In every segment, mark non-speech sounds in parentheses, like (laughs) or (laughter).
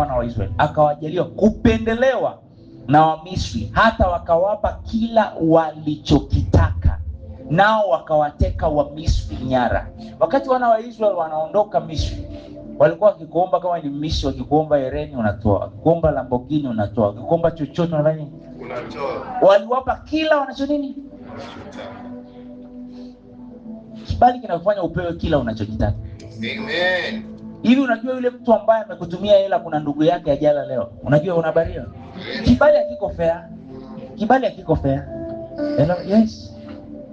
wana wa Israeli, akawajaliwa kupendelewa na Wamisri, hata wakawapa kila walichokitaka, nao wakawateka Wamisri nyara. Wakati wana wa Israeli wanaondoka Misri, walikuwa wakikuomba kama ni Misri, wakikuomba hereni unatoa, wakikuomba Lamborghini unatoa, wakikuomba chochote unadhani unatoa. Waliwapa kila wanacho nini, kibali kinakufanya upewe kila unachokitaka. Amen. Hivi unajua yule mtu ambaye amekutumia hela, kuna ndugu yake ajala leo, unajua una habari Kibali hakiko fair, kibali hakiko fair. Hello, yes.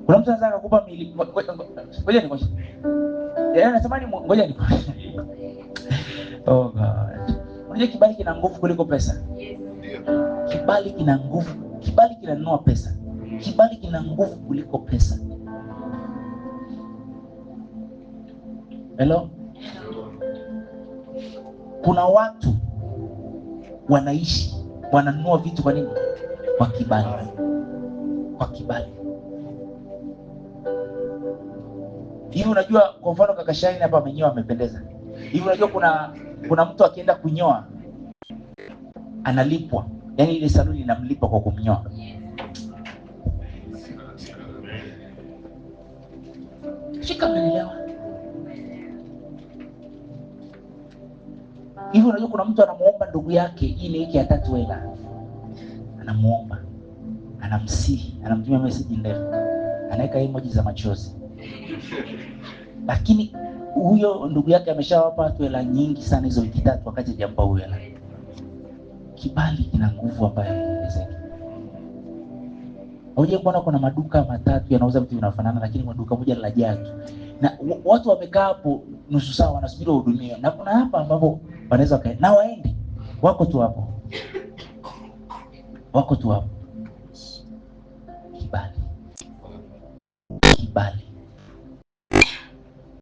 Kuna mtu anataka kukupa mili, ngoja ni mwisho. Yeye anasema ni ngoja ni mwisho. (laughs) Oh God. Unajua kibali kina nguvu kuliko pesa. Kibali kina nguvu, kibali kinanunua pesa, kibali kina nguvu kuliko pesa. Hello. Kuna watu wanaishi wananunua vitu kwa nini? Kwa kibali, kwa kibali. Hivi unajua, kwa mfano kaka Shaini hapa amenyoa, amependeza. Hivi unajua, kuna kuna mtu akienda kunyoa analipwa, yaani ile saluni inamlipa kwa kumnyoa. Shika, mnaelewa? hivi. Unajua kuna mtu anamuomba ndugu yake ile iki hatatu hela, anamuomba, anamsihi, anamtumia message ndefu, anaweka emoji za machozi lakini huyo ndugu yake ameshawapa watu hela nyingi sana hizo wiki tatu, wakati jampa huyo hela. Kibali kina nguvu ambayo inaongezeka. Unajua kuona kuna maduka matatu yanauza vitu vinafanana, lakini duka moja la jaki na watu wamekaa hapo nusu saa wanasubiri wahudumiwe, na kuna hapa ambapo wanaweza wakaenda na waende, wako tu hapo, wako tu hapo. Kibali, kibali,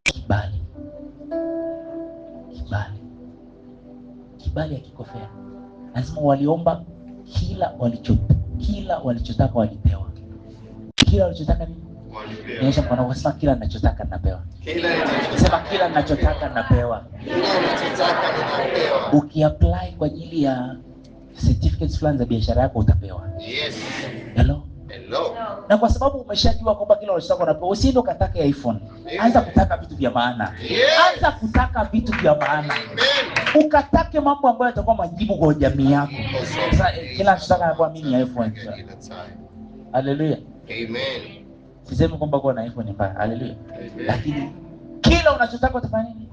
kibali, kibali, kibali hakiko fair. Lazima waliomba kila walichotaka, kila walichotaka walipewa kila alichotaka nini nyesha mwana wako sema kila ninachotaka napewa sema kila ninachotaka napewa ukiapply kwa ajili ya certificates fulani za biashara yako utapewa yes. hello Hello. Na kwa sababu umeshajua kwamba kila unachotaka unapewa, usiende ukataka iPhone. Anza kutaka vitu vya maana. Yes. Anza kutaka vitu vya maana. Amen. Ukatake mambo ambayo yatakuwa majibu kwa jamii yako. Sasa eh, kila anachotaka anapewa mimi iPhone. Haleluya. Sisemi kwamba kuwa na iPhone ni mbaya. Haleluya. Lakini kila unachotaka utafanya nini?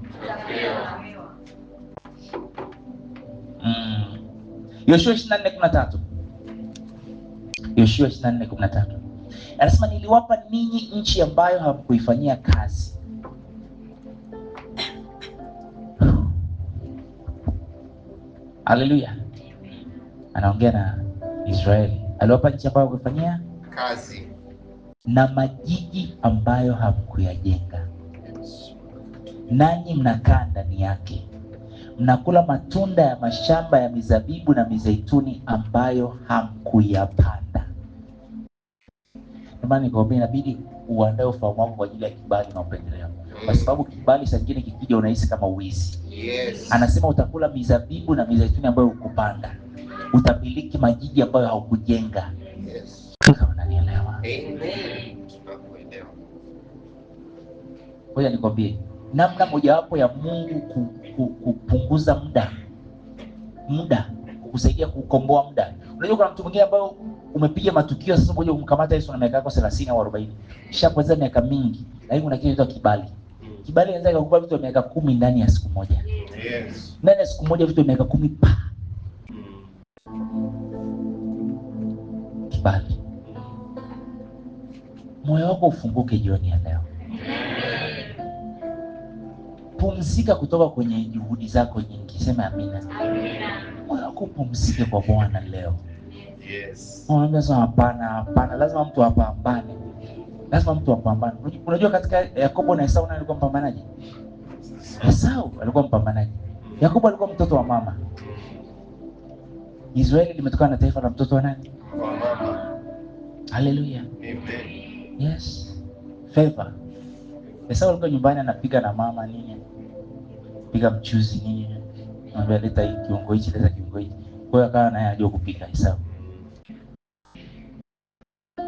Mm. tatu Yoshua nne kumi na tatu Anasema niliwapa ninyi nchi ambayo hamkuifanyia kazi. Haleluya. Anaongea na Israeli. Aliwapa nchi ambayo hamkuifanyia kazi na majiji ambayo hamkuyajenga, nanyi mnakaa ndani yake, mnakula matunda ya mashamba ya mizabibu na mizeituni ambayo hamkuyapanda. Ndomana nikaambia inabidi uandae ufahamu wako kwa ajili ya kibali na upendeleo, kwa mm. sababu kibali saa ingine kikija unahisi kama uizi Yes. Anasema utakula mizabibu na mizeituni ambayo hukupanda, utamiliki majiji ambayo haukujenga. Ngoja nikwambie namna mojawapo ya Mungu ku, ku, kupunguza muda muda kukusaidia kukomboa muda. Unajua kuna mtu mwingine ambaye umepiga matukio sasa, ngoja umkamata Yesu na miaka yako 30 au 40, shapoteza miaka mingi, lakini kuna kitu kibali. Kibali inaweza kukupa vitu vya miaka kumi ndani ya siku moja. Yes. Ndani ya siku moja vitu vya miaka kumi pa. Kibali moyo wako ufunguke jioni ya leo. Pumzika kutoka kwenye juhudi zako nyingi, sema amina. Moyo wako upumzike kwa Bwana leo. Yes. Unaambia sana hapana, hapana, lazima mtu apambane, lazima mtu apambane. Unajua katika Yakobo na Esau, nani alikuwa mpambanaji? Esau alikuwa mpambanaji. Yakobo alikuwa mtoto wa mama. Israeli limetokana na taifa la mtoto wa nani? Wa mama. Haleluya. Amen. Yes, favor. Esau ulikuwa nyumbani anapiga na mama nini, piga mchuzi nini, anambia leta hii kiungo hichi, leta kiungo hichi. Kwa hiyo akawa naye anajua kupika Esau.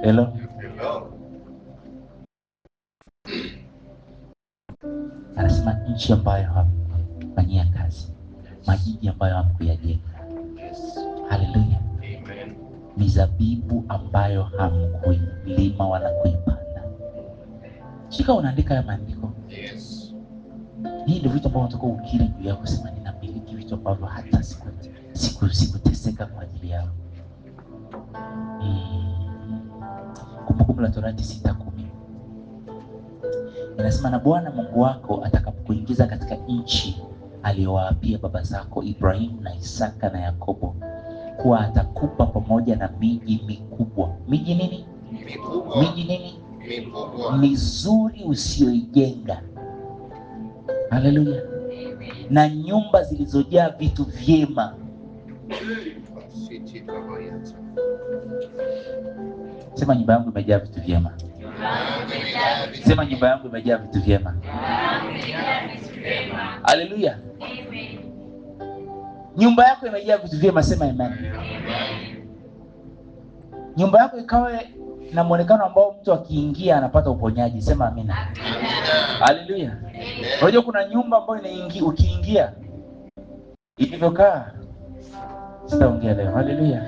Hello. Hello. Anasema nchi ambayo hamkufanyia kazi, majiji ambayo Yes. Hallelujah mizabibu ambayo hamkuilima wala kuipanda. Shika unaandika ya maandiko yes. Hii ndio vitu ambavyo nataka ukiri juu yako, sema ninamiliki vitu ambavyo hata siku sikuteseka kwa ajili yao. Hmm. Kumbukumbu la Torati sita kumi inasema, na Bwana Mungu wako atakapokuingiza katika nchi aliyowaapia baba zako Ibrahimu na Isaka na Yakobo kuwa atakupa pamoja na miji mikubwa. Miji nini? Mikubwa. Miji nini? Mikubwa. Mizuri usiyoijenga. Haleluya. Na nyumba zilizojaa vitu vyema. Sema nyumba yangu imejaa vitu vyema. Sema nyumba yangu imejaa vitu vyema. Haleluya nyumba yako imejaa vitu vyema, sema amen. Nyumba yako ikawe na mwonekano ambao mtu akiingia anapata uponyaji, sema amina. Haleluya! Unajua kuna nyumba ambayo inaingia, ukiingia ilivyokaa, sitaongea leo. Haleluya!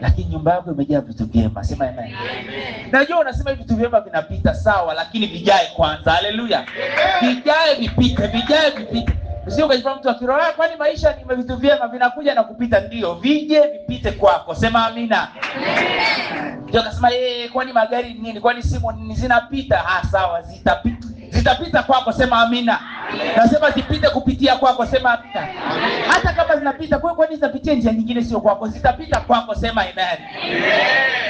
Lakini nyumba yako imejaa vitu vyema, sema amen. Najua unasema vitu vyema vinapita, sawa, lakini vijae kwanza. Haleluya! Vijae, vipite, vijae, vipite Usije ukajipa mtu akiro, kwani maisha ni vitu vyema vinakuja na kupita. Ndio, vije vipite kwako, sema amina. Ndio akasema yeye, eh, kwani magari nini? Kwani simu nini? Zinapita. Ah, sawa, zitapita zitapita kwako, sema amina. Nasema zipite kupitia kwako, sema amina. Hata kama zinapita kwa, kwani zitapitia njia nyingine sio kwako, zitapita kwako, sema amen.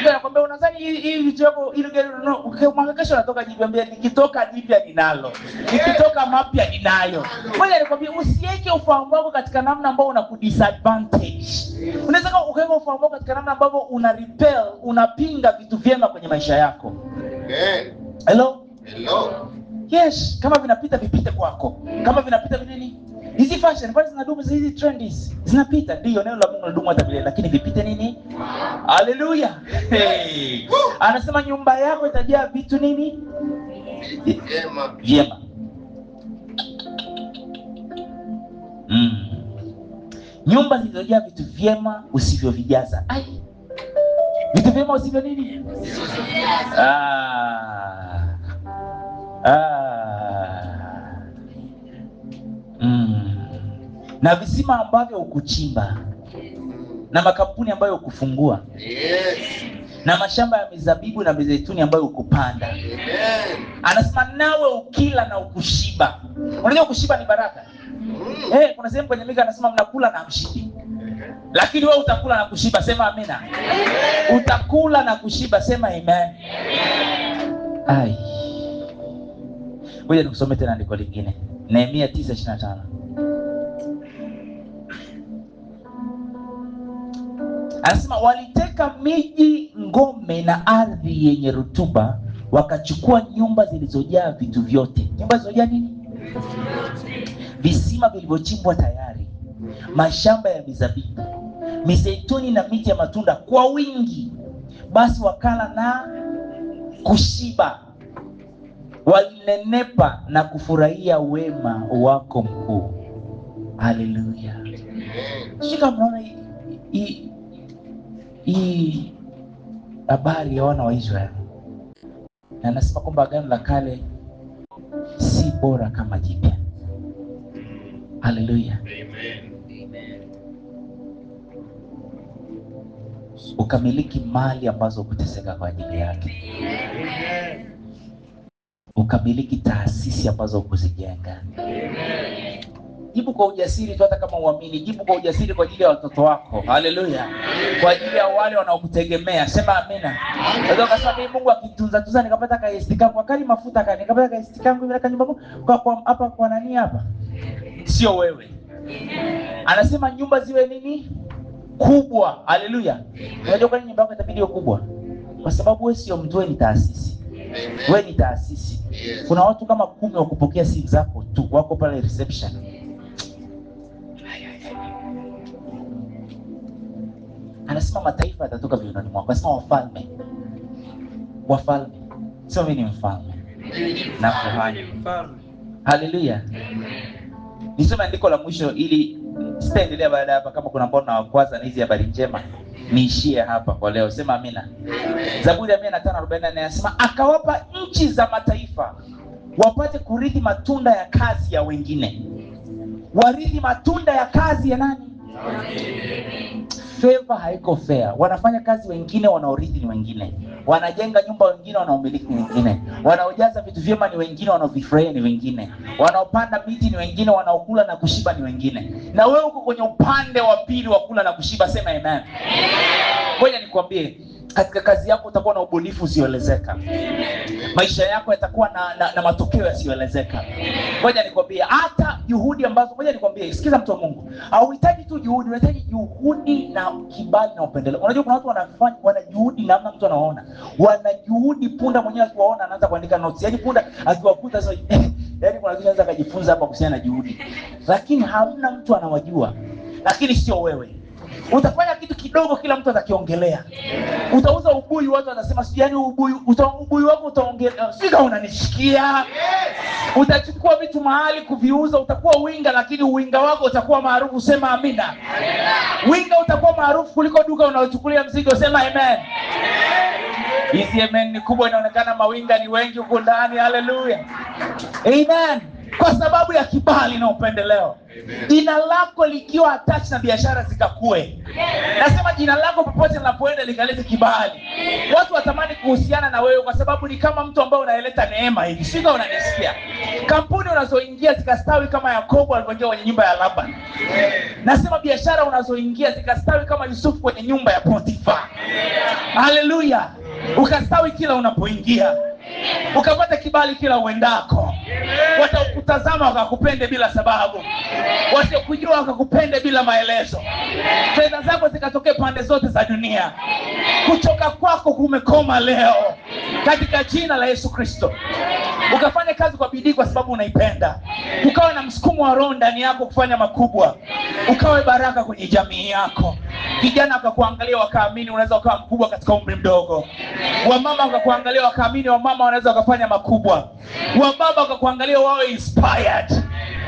Ndio nakwambia, unadhani hii vitu yako ile gari no, mwaka kesho natoka jiambia, nikitoka jipya ninalo, nikitoka mapya ninayo. Ngoja nakwambia, usiweke ufahamu wako katika namna ambayo una disadvantage. Unaweza kama ukaweka ufahamu wako katika namna ambayo una repel, unapinga vitu vyema kwenye maisha yako. Hello? Hello? Yes, kama vinapita vipite kwako, kama vinapita vinini, hizi fashion kwani zinadumu? Hizi trend hizi zinapita, ndio neno la Mungu linadumu hata milele, lakini vipite nini? Haleluya! Hey. Anasema nyumba yako itajaa vitu nini? Vyema, vyema. Mm. Nyumba zilizojaa vitu vyema usivyovijaza. Ai. Vitu vyema usivyo nini? Usivyovijaza. Ah ah. mm. na visima ambavyo hukuchimba na makampuni ambayo hukufungua yes. na mashamba ya mizabibu na mizeituni ambayo hukupanda anasema nawe ukila na ukushiba unajua kushiba ni baraka mm. hey, eh, kuna sehemu kwenye mika anasema mnakula na mshibi lakini wewe utakula na kushiba sema amina utakula na kushiba sema amen Ai. Ngoja nikusomee tena andiko lingine, Nehemia 9:25. Anasema waliteka miji, ngome na ardhi yenye rutuba, wakachukua nyumba zilizojaa vitu vyote. Nyumba zilizojaa nini? Visima vilivyochimbwa tayari, mashamba ya mizabibu, mizeituni na miti ya matunda kwa wingi, basi wakala na kushiba walinenepa na kufurahia wema wako mkuu. Haleluya! mnaona hii habari ya wana wa Israeli, na nasema kwamba gano la kale si bora kama jipya. Haleluya! Ukamiliki mali ambazo kuteseka kwa ajili yake. Amen ukamiliki taasisi ambazo kuzijenga. Jibu kwa ujasiri tu, hata kama uamini, jibu kwa ujasiri kwa ajili ya watoto wako. Haleluya! kwa ajili ya wale wanaokutegemea, sema amina. Ndio kasema mimi, Mungu akitunza tuza, nikapata ka SD kangu akali mafuta kani, nikapata ka SD kangu ile kanyumba kwa kwa hapa kwa nani hapa, sio wewe. Anasema nyumba ziwe nini kubwa. Haleluya! Unajua kwa nini nyumba yako itabidi kubwa? Kwa sababu wewe sio mtu, wewe ni taasisi. Wewe ni taasisi kuna watu kama kumi wa kupokea simu zako tu wako pale reception. Anasema mataifa yatatoka viunoni mwako, anasema wafalme, wafalme. Sio mimi ni mfalme na kuhani. Haleluya, nisome andiko la mwisho ili sitaendelea baada hapa, kama kuna mbona wakwaza na hizi habari njema niishie hapa kwa leo, sema amina. Zaburi ya 105:44 inasema akawapa nchi za mataifa wapate kurithi matunda ya kazi ya wengine, warithi matunda ya kazi ya nani? Favor haiko fair. Wanafanya kazi wengine, wanaorithi ni wengine, wanajenga nyumba wengine, wanaomiliki ni wengine, wanaojaza vitu vyema ni wengine, wanaovifurahia ni wengine, wanaopanda miti ni wengine, wanaokula na kushiba ni wengine, na wewe uko kwenye upande wa pili wa kula na kushiba. Sema amen. Ngoja nikwambie katika kazi yako utakuwa na ubunifu usioelezeka maisha yako yatakuwa na, na, na matokeo yasiyoelezeka moja nikwambie hata juhudi ambazo moja nikwambie sikiza mtu wa mungu hauhitaji tu juhudi unahitaji juhudi na kibali na upendeleo unajua kuna watu wanafanya wana juhudi namna mtu anaona wana juhudi punda mwenyewe akiwaona anaanza kuandika notes yaani punda akiwakuta sasa (laughs) yaani kuna vitu anaweza akajifunza hapa kuhusiana na juhudi lakini hamna mtu anawajua lakini sio wewe Utafanya kitu kidogo, kila mtu atakiongelea. Utauza ubuyu, watu watasema si yani ubuyu, uta ubuyu wako utaongelea, ah, sijui kama unanishikia. Utachukua vitu mahali kuviuza, utakuwa winga, lakini uwinga wako utakuwa maarufu. Sema amina. Winga utakuwa maarufu kuliko duka unalochukulia mzigo. Sema amen. Hizi amen ni kubwa, inaonekana mawinga ni wengi huko ndani. Haleluya, amen, kwa sababu ya kibali na upendeleo. Jina lako likiwa atachi na biashara zikakue. Nasema jina lako popote linapoenda likalete kibali. Watu watamani kuhusiana na wewe kwa sababu ni kama mtu ambaye unaeleta neema hivi. Sio unanisikia? Kampuni unazoingia zikastawi kama Yakobo alipoingia kwenye nyumba ya Laban. Nasema biashara unazoingia zikastawi kama Yusufu kwenye nyumba ya Potifa. Haleluya. Ukastawi kila unapoingia. Ukapata kibali kila uendako watakutazama wakakupende bila sababu, wasiokujua wakakupende bila maelezo, fedha zako zikatokea pande zote za dunia. Kuchoka kwako kumekoma leo katika jina la Yesu Kristo. Ukafanya kazi kwa bidii kwa sababu unaipenda, ukawa na msukumo wa roho ndani yako kufanya makubwa, ukawe baraka kwenye jamii yako. Vijana wakakuangalia wakaamini unaweza ukawa mkubwa katika umri mdogo. Wamama wakakuangalia wakaamini wamama wanaweza wakafanya makubwa wa baba wakakuangalia wawe inspired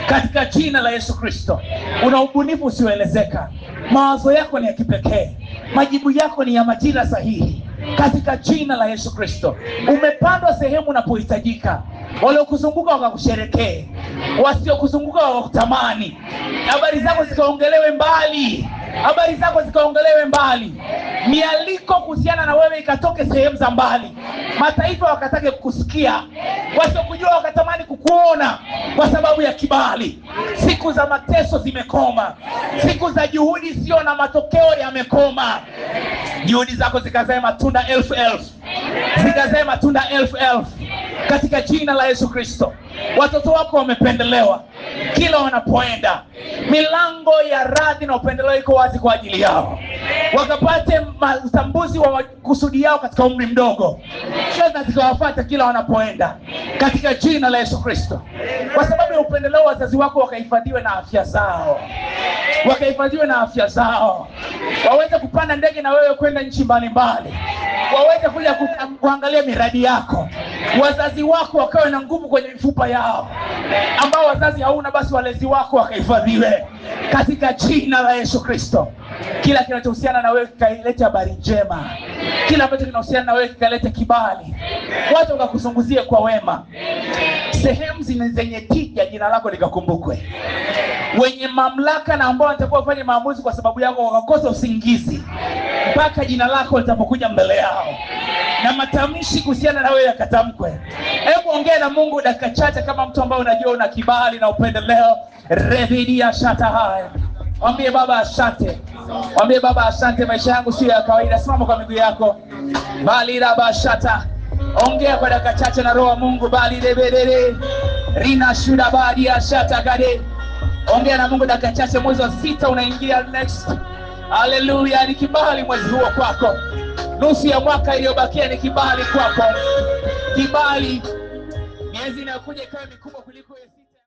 katika jina la Yesu Kristo. Una ubunifu usioelezeka, mawazo yako ni ya kipekee, majibu yako ni ya majira sahihi katika jina la Yesu Kristo. Umepandwa sehemu unapohitajika, waliokuzunguka wakakusherekee, wasiokuzunguka wakakutamani, habari zako zikaongelewe mbali habari zako zikaongelewe mbali, mialiko kuhusiana na wewe ikatoke sehemu za mbali, mataifa wakatake kukusikia, wasiokujua wakatamani kukuona kwa sababu ya kibali. Siku za mateso zimekoma, siku za juhudi sio na matokeo yamekoma. Juhudi zako zikazae matunda elfu elfu, zikazae matunda elfu elfu katika jina la Yesu Kristo. Watoto wako wamependelewa kila wanapoenda, milango ya radhi na upendeleo iko wazi kwa ajili yao, wakapate utambuzi wa kusudi yao katika umri mdogo fedha zikawafata kila wanapoenda katika jina la Yesu Kristo, kwa sababu ya upendeleo, wazazi wako wakahifadhiwe na afya zao, wakahifadhiwe na afya zao, waweze kupanda ndege na wewe kwenda nchi mbalimbali, waweze kuja kuangalia miradi yako. Wazazi wako wakawe na nguvu kwenye mifupa yao, ambao wazazi hauna, basi walezi wako wakahifadhiwe katika jina la Yesu Kristo. Kila kinachohusiana na wewe kikailete habari njema, kila ambacho kinahusiana na wewe kikalete kibali, watu wakakuzunguzie kwa wema, sehemu zenye tija jina lako likakumbukwe, wenye mamlaka na ambao watakuwa wafanye maamuzi kwa sababu yako wakakosa usingizi mpaka jina lako litapokuja mbele yao na matamshi kuhusiana na wewe yakatamkwe. Hebu ongea na Mungu dakika chache, kama mtu ambaye unajua una kibali na upendeleo. revidia shata haya, mwambie Baba asante. Mwambie Baba, asante, maisha yangu sio ya kawaida. Simama kwa miguu yako, bali rabashata, ongea kwa dakika chache na Roho wa Mungu, bali lebelele rina shuda badi ashata gade, ongea na Mungu dakika chache. Mwezi wa sita unaingia next, haleluya. Ni kibali mwezi huo kwako, nusu ya mwaka iliyobakia ni kibali kwako, kibali miezi inayokuja ikawe mikubwa kuliko